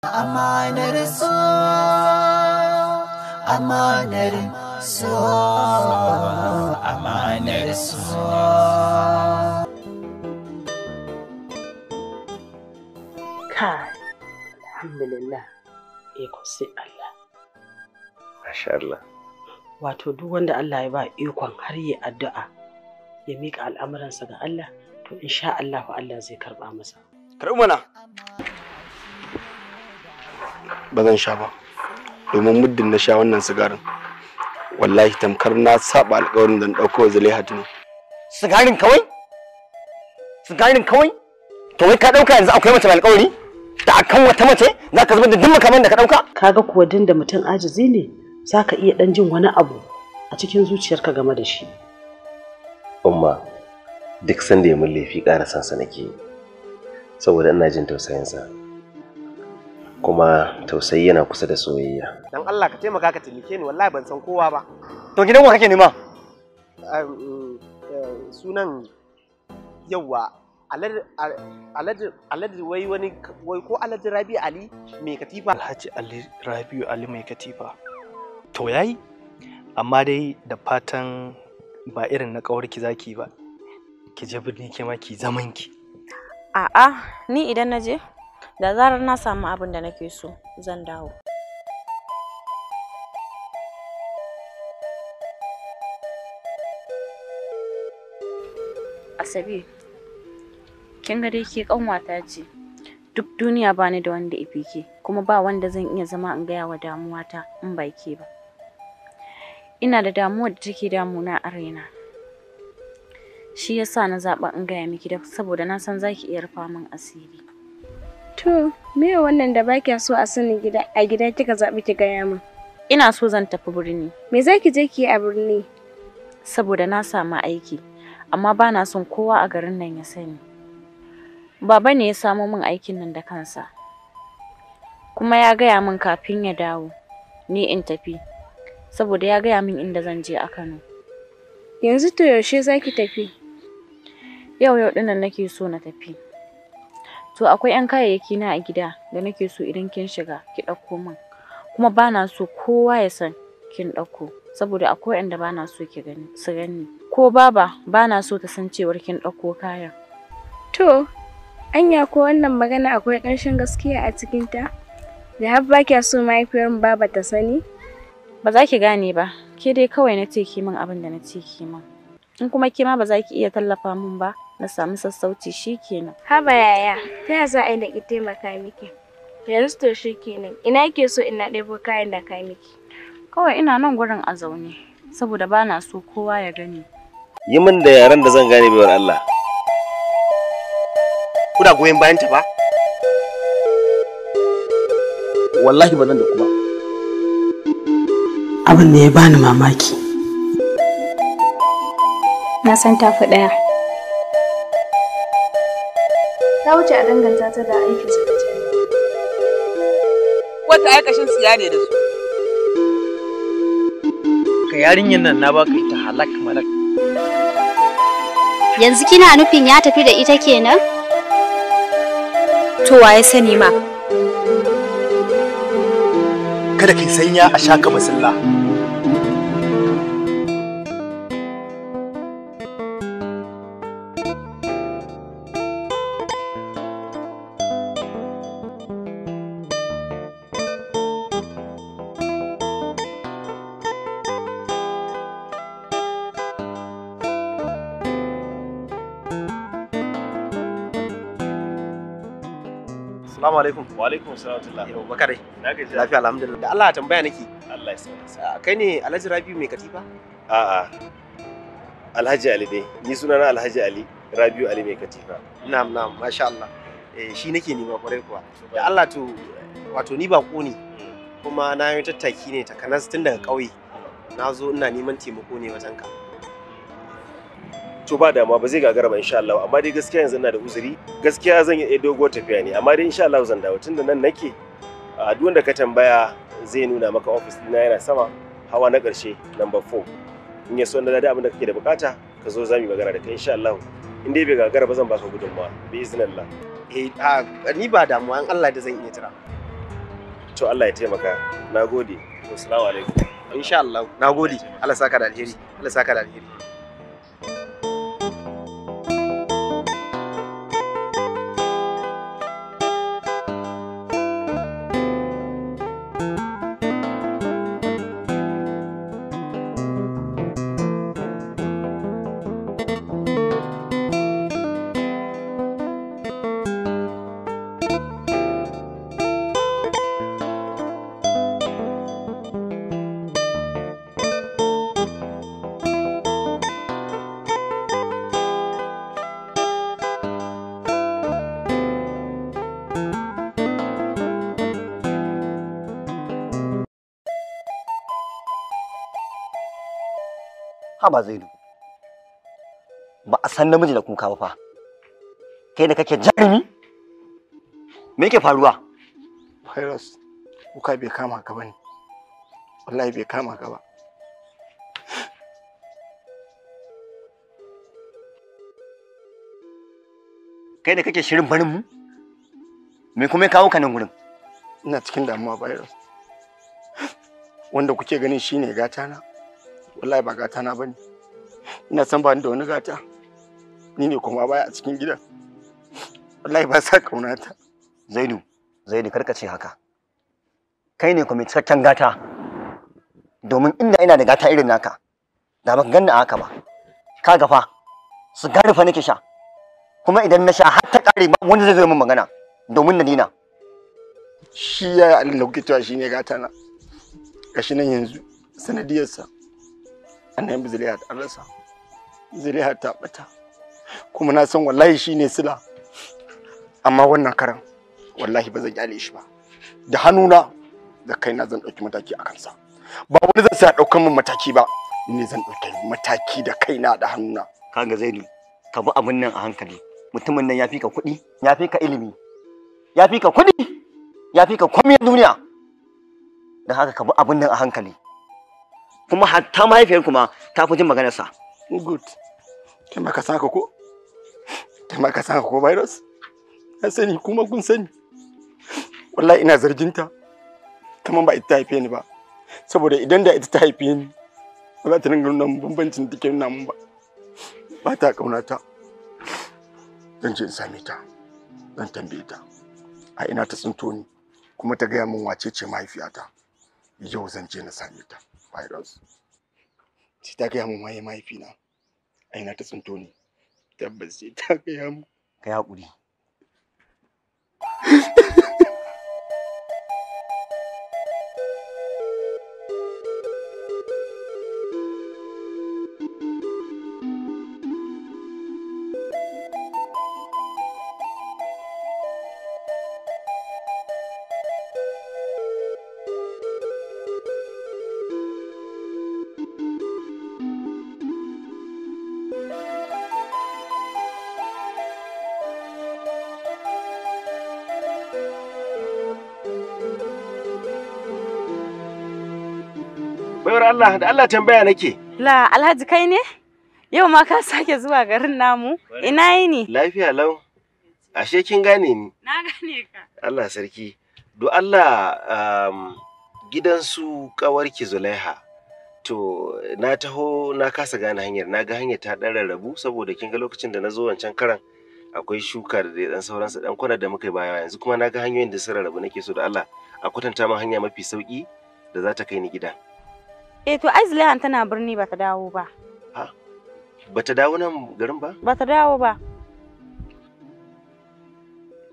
Amanar so, amanar so, amanar so. Kai, alhamdulillah, iko sai Allah. Masha Allah. Wato duk wanda Allah ya ba ikon har yi addu'a ya miƙa al'amuransa ga Allah, to insha Allah Allah zai karɓa masa. Karɓi mana. ba zan sha ba domin muddin na sha wannan sigarin wallahi tamkar na saba alkawarin da dauko ɗauko tuni sigarin kawai sigarin kawai to wai ka ɗauka yanzu akwai mace mai alkawari da akan wata mace zaka ka da duk makaman da ka ɗauka kaga kuwa din da mutum ajizi ne zaka iya ɗan jin wani abu a cikin zuciyarka game da shi umma duk sanda ya mun laifi ƙara sansa nake saboda ina jin tausayinsa kuma tausayi yana kusa da soyayya dan Allah ka taimaka ka taimake ni wallahi ban san kowa ba to gidan wa kake nema eh, sunan yawa alhaji wai wani wai ko alhaji rabi ali mai katifa alhaji ali rabi ali mai katifa to yayi amma dai da fatan ba irin na kawarki zaki ba ki je birni ke ma ki zaman ki a'a ni idan na je da zarar na samu abin da nake so zan dawo asabe kin ga dai ke kanwata ce duk duniya bani da wanda ifi ke kuma ba wanda zan iya zama in gaya wa damuwata in ba ke ba ina da damuwa da take damuna a raina shi yasa na zaɓa in gaya miki da saboda na san zaki iya rufa min asiri To, me wannan da baki so a sani gida a gida kika zabi ki gaya min? Ina so zan tafi birni. Me za ki je ki yi a birni? Saboda na samu aiki, amma ba na son kowa a garin nan ya sani. Baba ne ya samo min aikin nan da kansa. Kuma ya gaya min kafin ya dawo, ni in tafi, saboda ya gaya min inda zan je a Kano. Yanzu to yaushe zaki tafi? Yau yau dinnan nake so na tafi. So akwai 'yan kayayyaki na a gida da nake so idan kin shiga ki ɗauko min. Kuma ba na so kowa ya san kin ɗauko saboda akwai waɗanda ba na so ki gani su gani. Ko baba ba na so ta san cewar kin ɗauko kayan. To, anya ko wannan magana akwai ƙanshin gaskiya a cikin ta Da har ba kya so mahaifiyar baba ta sani? Ba za ki gane ba, ke dai kawai na ce ki min abin da na ce ki min. in kuma ke ma ba za ki iya tallafa min ba na samu sassauci shikenan haba yaya ta ya za a yi da ki taimaka miki yanzu to shikenan ina ke so ina ɗebo kayan da ka miki kawai ina nan gurin a zaune saboda ba na so kowa ya gani yi min da yaren da zan gane baiwar Allah kuna goyon bayan ta ba wallahi ba nan da kuma abin da ya bani mamaki na san tafi ɗaya. Ta wuce a danganta ta da aiki su da Wata aikashin siya ne da su. Ka yarinyar nan na baka ita halak malak. Yanzu kina nufin ya tafi da ita kenan? To waye sani ma. Kada ki sanya a shaka masalla. Assalamu alaikum. Wa alaikum assalam wa Yau baka dai. Na gaji. Lafiya alhamdulillah. Da Allah tambaya nake. Allah ya sauka. Ah, kai ne Alhaji Rabiu mai katifa? A'a. Alhaji Ali dai. Ni sunana Alhaji Ali Rabiu Ali mai katifa. Na'am na'am masha Allah. Eh shi nake nema kwarai kuwa. Da Allah to wato ni bako ne. Mm. Kuma na yi tattaki ne ta takanas tun daga ƙauye. Mm. Na zo ina neman taimako ne wajen ka. to ba dama ba zai gagara ba insha Allah amma dai gaskiya yanzu ina da uzuri gaskiya zan yi dogo tafiya ne amma dai insha Allah zan dawo tunda nan nake a duk wanda ka tambaya zai nuna maka office dina yana sama hawa na ƙarshe number 4 in ya so na da abin da kake da bukata ka zo zamu magana da kai insha Allah in dai bai gagara ba zan baka gudunmawa bi iznillah eh a ni ba damuwa in Allah da zan iya jira to Allah ya taimaka nagode assalamu alaikum insha Allah nagode Allah saka da alheri Allah saka da alheri ha ba zaidu ba a san namiji da kuka ba fa kai da kake jarumi me yake faruwa virus kuka bai kama ka bane wallahi bai kama ka ba kai da kake shirin barin mu me kuma kawo ka nan gurin ina cikin damuwa virus wanda kuke ganin shine gata na wallahi ba gata na bane ina san ba ni da wani gata ni ne kuma baya a cikin gidan wallahi ba sa ta. zainu zainu karka ce haka kai ne kuma cikakken gata domin inda ina da gata irin naka da baka ganna haka ba ka gafa su garfa nake sha kuma idan na sha har ta kare ba wanda zai zo min magana domin na dina shi ya yi alin da kuke shi ne gata na gashi nan yanzu sanadiyarsa annabi zuriya ta rasa zuriya ta bata kuma na san wallahi shine sila amma wannan karan wallahi ba zan kyale shi ba da hannuna da kaina zan ɗauki mataki a kansa ba wani zan sa daukan min mataki ba ni zan ɗauki mataki da kaina da hannuna kaga zaini ka bi abin nan a hankali mutumin nan ya fi ka kuɗi ya fi ka ilimi ya fi ka kuɗi ya fi ka komai duniya don haka ka bi abin nan a hankali kuma hatta mahaifiyar kuma ta fi jin maganar sa good taimaka ma ka ko ka ko virus na sani kuma kun sani wallahi ina zarginta kamar ba ita ta haife ni ba saboda idan da ita ta haife ni ba za ta dinga nuna bambancin da take nuna mun ba ba ta kauna ta zan je in same ta zan tambaye ta a ina ta tsinto ni kuma ta gaya min wace ce mahaifiyata yau zan je na same ta virus sai ta gaya min waye mahaifina aina ta tsinto ni tabbas sai ta gaya kai hakuri Bayar Allah, da Allah tambaya nake. La, Alhaji kai ne? Yau ma ka sake zuwa garin namu. Ina yi Lafiya lau. Ashe kin gane ni. Na gane ka. Allah sarki. Do Allah um, gidansu kawarki Zulaiha. To na taho na kasa gane hanyar na ga hanyar ta ɗan rarrabu saboda kin ga lokacin da na zo wancan karan akwai shuka da dan sauransu dan kwana da muka baya yanzu kuma na ga hanyoyin da sun rarrabu nake so da Allah a kwatanta min hanya mafi sauki da za ta kai ni gida. Eh to ai Zulaihan tana birni ba ta dawo ba. Ha? Ba ta dawo nan garin ba? Ba ta dawo ba.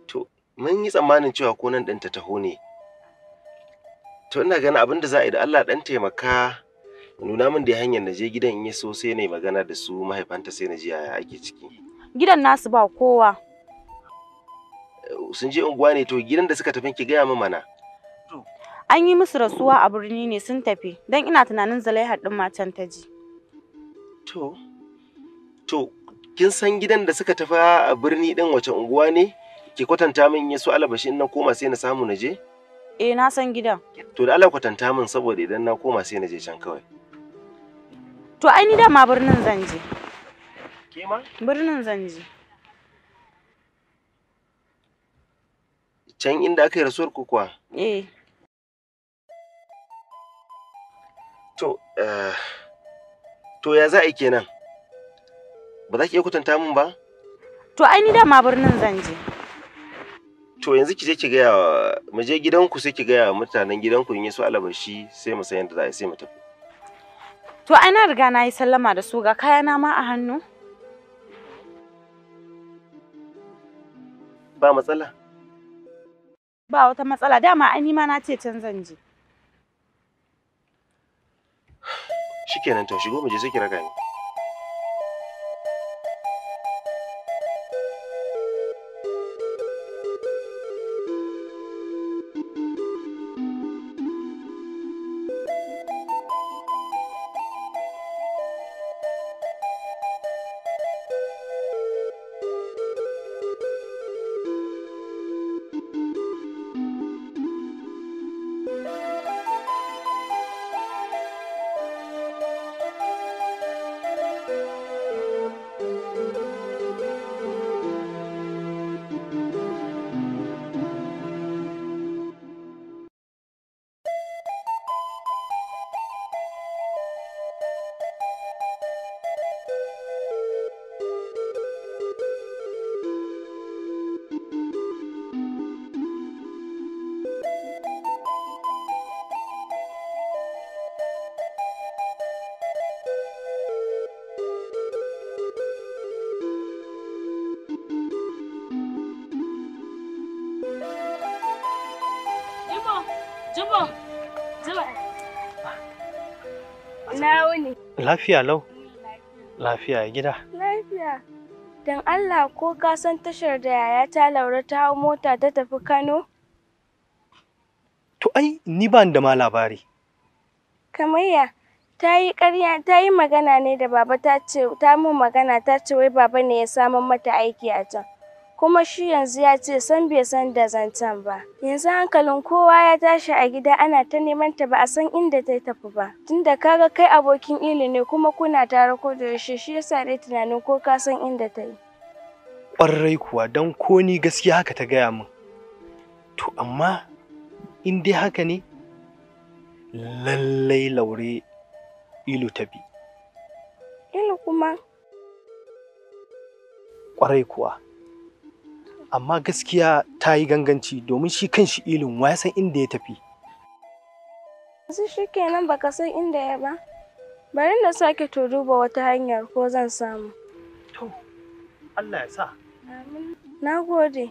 To mun yi tsammanin cewa ko nan ta taho ne. To ina ganin abin da za a yi da Allah ɗan taimaka nuna min da hanyar na je gidan in yi so sai na magana da su mahaifanta sai na ji yaya ake ciki. Gidan nasu ba kowa. Sun je unguwa ne to gidan da suka tafi ki gaya min mana. An yi musu rasuwa a birni ne sun tafi, don ina tunanin zalaihar ɗin matan ta ji. To, to, kin san gidan da suka tafi a birni ɗin wace unguwa ne? ke kwatanta min ya so alabashi in na koma sai na samu na je? Eh, na san gidan. To, da Allah kwatanta min saboda idan na koma sai na je can kawai. To, ai ni ma birnin zan je. Ke ma? Birnin zan je. Can inda aka yi rasuwar kuwa? Eh. To, eh, to ya za a yi kenan? Ba za ki iya kwatanta min ba? To ai ni dama birnin zan je. To yanzu ki je ki gaya wa mu je gidanku sai ki gaya wa mutanen gidanku in yaso alabashi sai mu san yadda za a yi sai mu tafi. To ai na riga na yi sallama da su ga kayana ma a hannu. Ba matsala. Ba wata matsala dama ai ni ma na ce can zan je. shikenan to shigo mu je sai ki raka ni lafiya lau? Lafiya gida. Lafiya. Don Allah ko ka san tashar da yaya ta laura ta hau mota ta tafi Kano? To ai ni ba da ma labari. Kamayya ta yi ƙarya ta yi magana ne da baba ta ce ta mu magana ta ce wai baba ne ya samun mata aiki a can. kuma shi yanzu ya ce san bai san da zancen ba. Yanzu hankalin kowa ya tashi a gida ana ta neman ta ba a san inda ta tafi ba. Tunda kaga kai abokin ili ne kuma kuna tare ko da yaushe shi yasa dai tunanin ko ka san inda ta yi. Ƙwarai kuwa don ko ni gaskiya haka ta gaya min. To amma in dai haka ne lallai laure ilu ta bi. Ilu kuma? Ƙwarai kuwa. amma gaskiya ta yi ganganci domin shi kan shi ilin wa san inda ya tafi yanzu shi kenan baka san inda ya ba bari na sake to duba wata hanyar ko zan samu to Allah ya sa na gode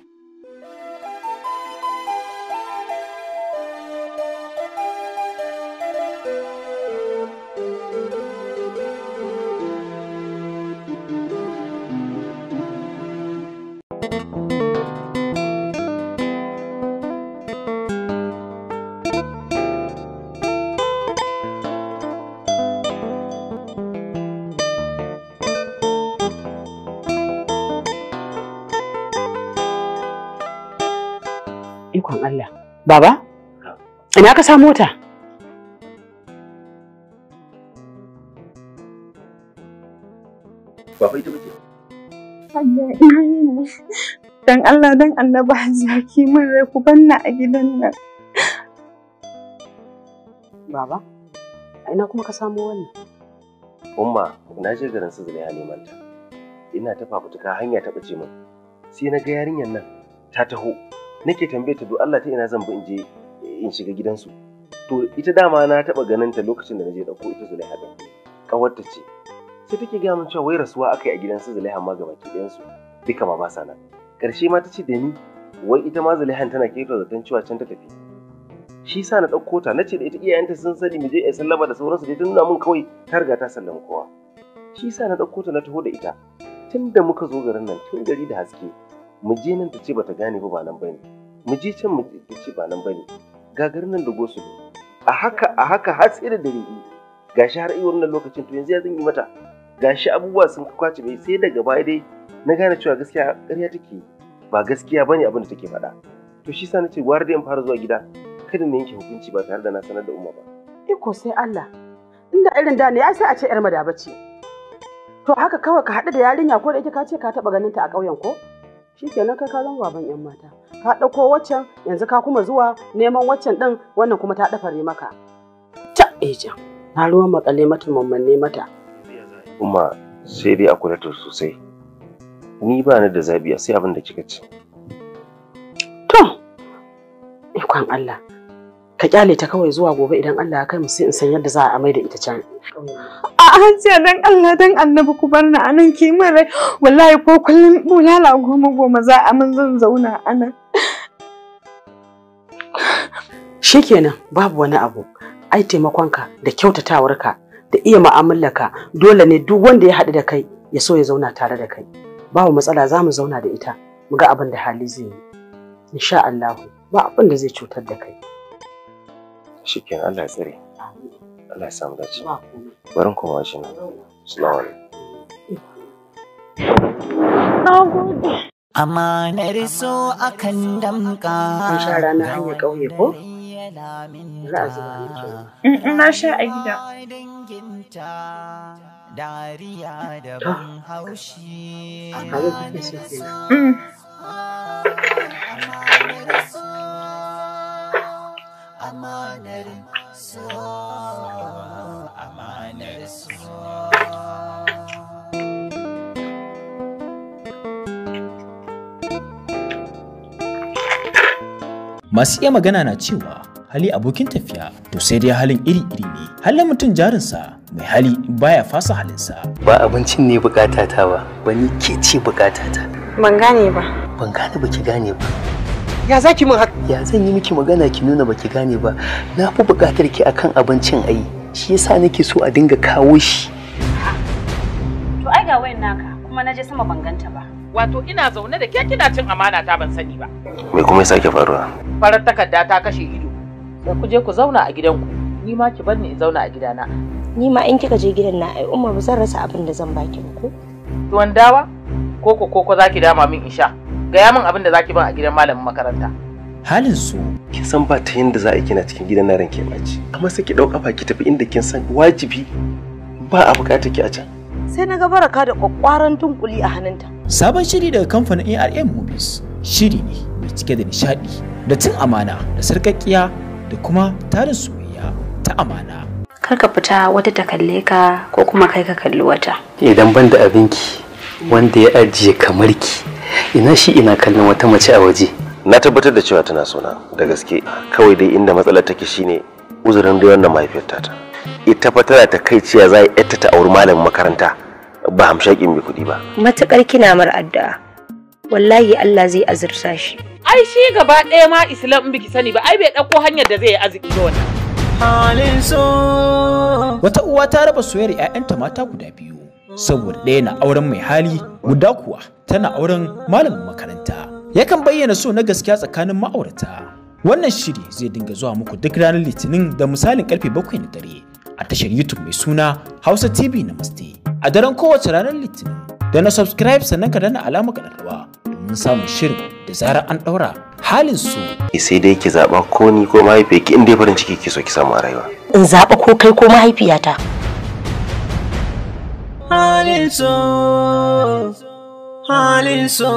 Baba? Ina ka samu mota? Baba, ina kuma ka samu wannan? Umma, na je garin su neman ta. Ina ta fafutuka hanya ta bace min. Sai na ga yarinyar nan ta taho nake tambayar ta do Allah ta ina zan bi in je in shiga gidansu to ita dama na taba ganin ta lokacin da naje dauko ita Zulaiha da kawarta ce sai take ga mun cewa wai rasuwa akai a gidansu Zulaiha ma gaba ki ɗayansu duka ma ba sa nan karshe ma ta ce da ni wai ita ma Zulaihan tana keto zaton cewa can ta tafi shi sa na dauko ta nace da ita iyayenta sun sani mu je a sallama da sauransu dai tun nuna mun kawai ta riga ta sallama kowa shi sa na dauko ta na taho da ita tun da muka zo garin nan tun gari da haske mu je nan ta ce bata gane ba nan bane mu je can mu ta ce ba nan bane garin nan da gosu a haka a haka har sai da dare gashi har iya wannan lokacin to yanzu ya zan yi mata gashi abubuwa sun kwace bai sai daga baya dai na gane cewa gaskiya ƙarya take ba gaskiya bane abin da take faɗa to shi sa nace gwara dai in fara zuwa gida kada na yanke hukunci ba tare da na sanar da umma ba iko e sai Allah inda irin da ne ya sai a ce yar madaba ce to haka kawai ka haɗu da yarinya ko da yake ka ce ka taɓa ganin ta a ƙauyen ko shikenan kai ka zama baban yan mata ka ɗauko waccan yanzu ka kuma zuwa neman waccan ɗin wannan kuma ta ɗafare maka ta eja na ruwan makale mata mammanne mata kuma sai dai a kula ta sosai ni ba ni da zabiya sai abin da kika ci to ikon Allah ka kyale ta kawai zuwa gobe idan Allah ya kai mu sai in san yadda za a amai da ita can. A ce dan Allah dan annabi ku bar ni anan ki min rai wallahi ko kullum bulala goma goma za a min zan zauna anan. Shikenan babu wani abu ai taimakonka da kyautatawarka da iya mu'amalarka dole ne duk wanda ya haɗu da kai ya so ya zauna tare da kai. Babu matsala za mu zauna da ita mu ga abin da hali zai yi. Insha Allah ba abin da zai cutar da kai. shikenan Allah ya Allah samu dace barin kuma shi na assalamu alaikum Amanar so akan damka. Kun sha rana hanyar ƙauye ko? Za a zuba ke. Mm, na sha a gida. Dariya da ban haushi. amanar su amanar su masu iya magana na cewa hali abokin tafiya to sai dai halin iri-iri ne halin mutum jarinsa mai hali baya fasa halinsa ba abincin ne bukatata ba wani ke ce bukatata ban gane ba ban gane ba ki gane ba ya zaki min haka ya zan yi miki magana ki nuna baki gane ba na fi buƙatar ki akan abincin ai shi yasa nake so a dinga kawo shi to ai ga wayan naka kuma naje sama ban ganta ba wato ina zaune da ke kina cin amana ta ban sani ba me kuma ya sake faruwa farar takarda ta kashe ido sai ku je ku zauna a gidanku ni ma ki bar ni in zauna a gidana ni ma in kika je gidan na ai umar ba zan rasa abin da zan baki ba ko tuwon dawa koko koko zaki dama min in sha gaya min abin da zaki ban a gidan malamin makaranta halin su kin san ba ta yanda za a kina cikin gidan na ke baci amma sai ki dau kafa ki tafi inda kin san wajibi ba a bukata ki a can sai na ga baraka da kwakwaran tunkuli a hannunta sabon shiri daga kamfanin ARM Movies shiri ne mai cike da nishadi da cin amana da sarkakkiya da kuma tarin soyayya ta amana kar ka fita wata ta kalle ka ko kuma kai ka kalli wata idan ban da abinki wanda ya ajiye kamar ki ina shi ina kallon wata mace a waje na tabbatar da cewa tana sona da gaske kawai dai inda matsalar take shine uzurin da wannan mahaifiyar ta ita fa tana ta kai ciya za 'yarta ta auri malamin makaranta ba hamshakin mai kuɗi ba matukar kina mar addu'a wallahi Allah zai azurta shi ai shi gaba ɗaya ma islam in biki sani ba ai bai ɗauko hanyar da zai yi arziki ga wannan halin so wata uwa ta raba soyayyar 'ya'yanta mata guda biyu saboda ɗaya na auren mai hali guda kuwa tana auren malamin makaranta yakan bayyana so na gaskiya tsakanin ma'aurata wannan shiri zai dinga zuwa muku duk ranar litinin da misalin karfe bakwai na dare a tashar youtube mai suna hausa tv namaste a daren kowace ranar litinin da na subscribe sannan ka dana alamar kararrawa domin samun shirin da zarar an ɗaura halin su eh, sai dai ki zaɓa ko ni ko mahaifiyarki in dai farin ciki ki so ki samu a rayuwa in zaɓa ko kai ko mahaifiyata halin so halin so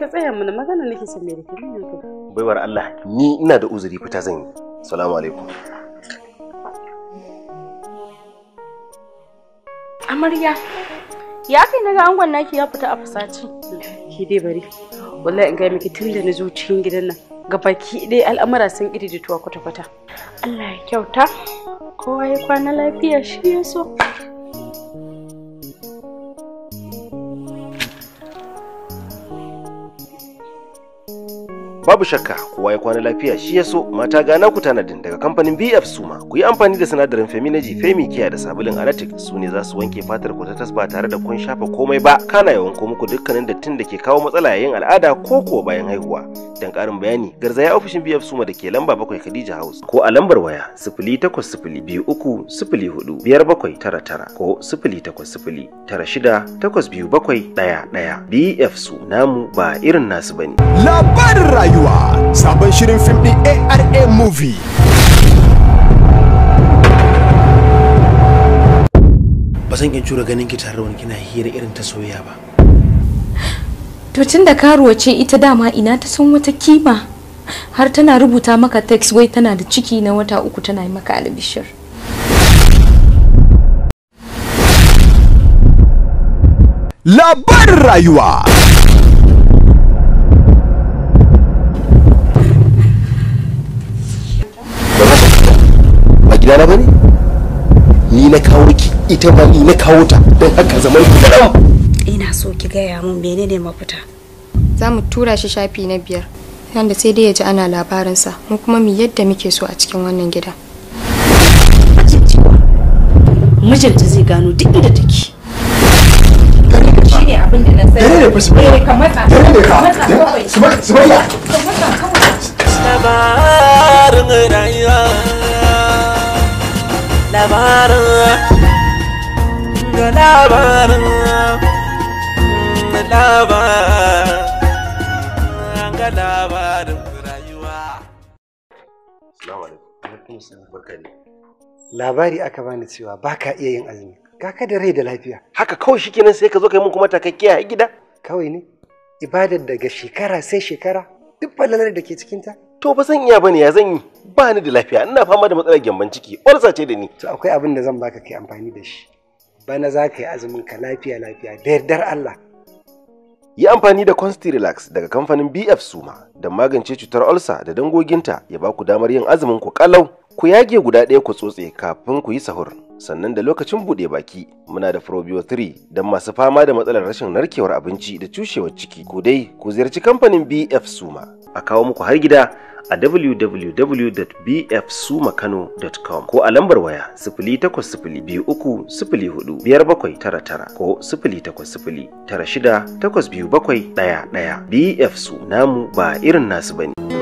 ka tsaya mana magana nake son me da ke baiwar Allah ni ina da uzuri fita zan yi salamu alaikum amarya ya kai na ga angon naki ya fita a fasaci ki dai bari wallahi in ga miki tun da na zo cikin gidan nan ga baki dai al'amura sun iri da tuwa kwata-kwata Allah ya kyauta kowa ya kwana lafiya shi ya so babu shakka kowa ya kwana lafiya shi ya so mata gana ku tanadin daga kamfanin BF Suma ku yi amfani da sinadarin Feminagy Femi Kiya da sabulin Anatic su ne za su wanke fatar ku ta tasba tare da kun shafa komai ba kana yawan ko muku dukkanin dattin da ke kawo matsala yayin al'ada ko kuwa bayan haihuwa dan karin bayani garzaya ofishin BF Suma da ke lamba bakwai Khadija House ko a lambar waya tara tara ko shida takwas biyu bakwai ɗaya ɗaya BF su namu ba irin nasu bane labarin rayuwa sabon shirin fim ɗin ARA movie. Ba zan iya ganin ki tare wani kina hira irin ta soyayya ba. To tun da karuwa ce ita dama ina ta san wata kima har tana rubuta maka text wai tana da ciki na wata uku tana yi maka albishir. Labarin rayuwa. shiga bane ni na kawo ki ita ba ni na kawo ta don haka zaman ki da ina so ki gaya mun ne mafita za mu tura shi shafi na biyar nan da sai dai ya ji ana labarinsa mu kuma mu yadda muke so a cikin wannan gida mijinta zai gano duk inda take ne abin da na sani kamar eh, kamar labarin ga ga rayuwa labari aka bani cewa baka iya yin azumi kaka da rai da lafiya haka kawai shikenan sai ka zo kai mun kuma takakkiya a gida kawai ne ibadar daga shekara sai shekara duk falalar da ke cikin ta to ba zan iya bane ya zan yi ba ni da lafiya ina fama da matsalar gyamban ciki ƙwarsa ce da ni to akwai abin da zan baka kai amfani da shi bana za ka yi azumin ka lafiya lafiya da yardar Allah yi amfani da consti relax daga kamfanin bf suma da magance cutar ulcer da dangoginta ya ba ku damar yin azumin ku kalau ku yage guda ɗaya ku tsotse kafin ku yi sahur sannan da lokacin buɗe baki muna da probio 3 don masu fama da matsalar rashin narkewar abinci da cushewar ciki ku dai ku ziyarci kamfanin bf suma a kawo muku har gida a www.bfsumakano.com ko a lambar waya tara; ko ɗaya. BF su namu ba irin nasu bane.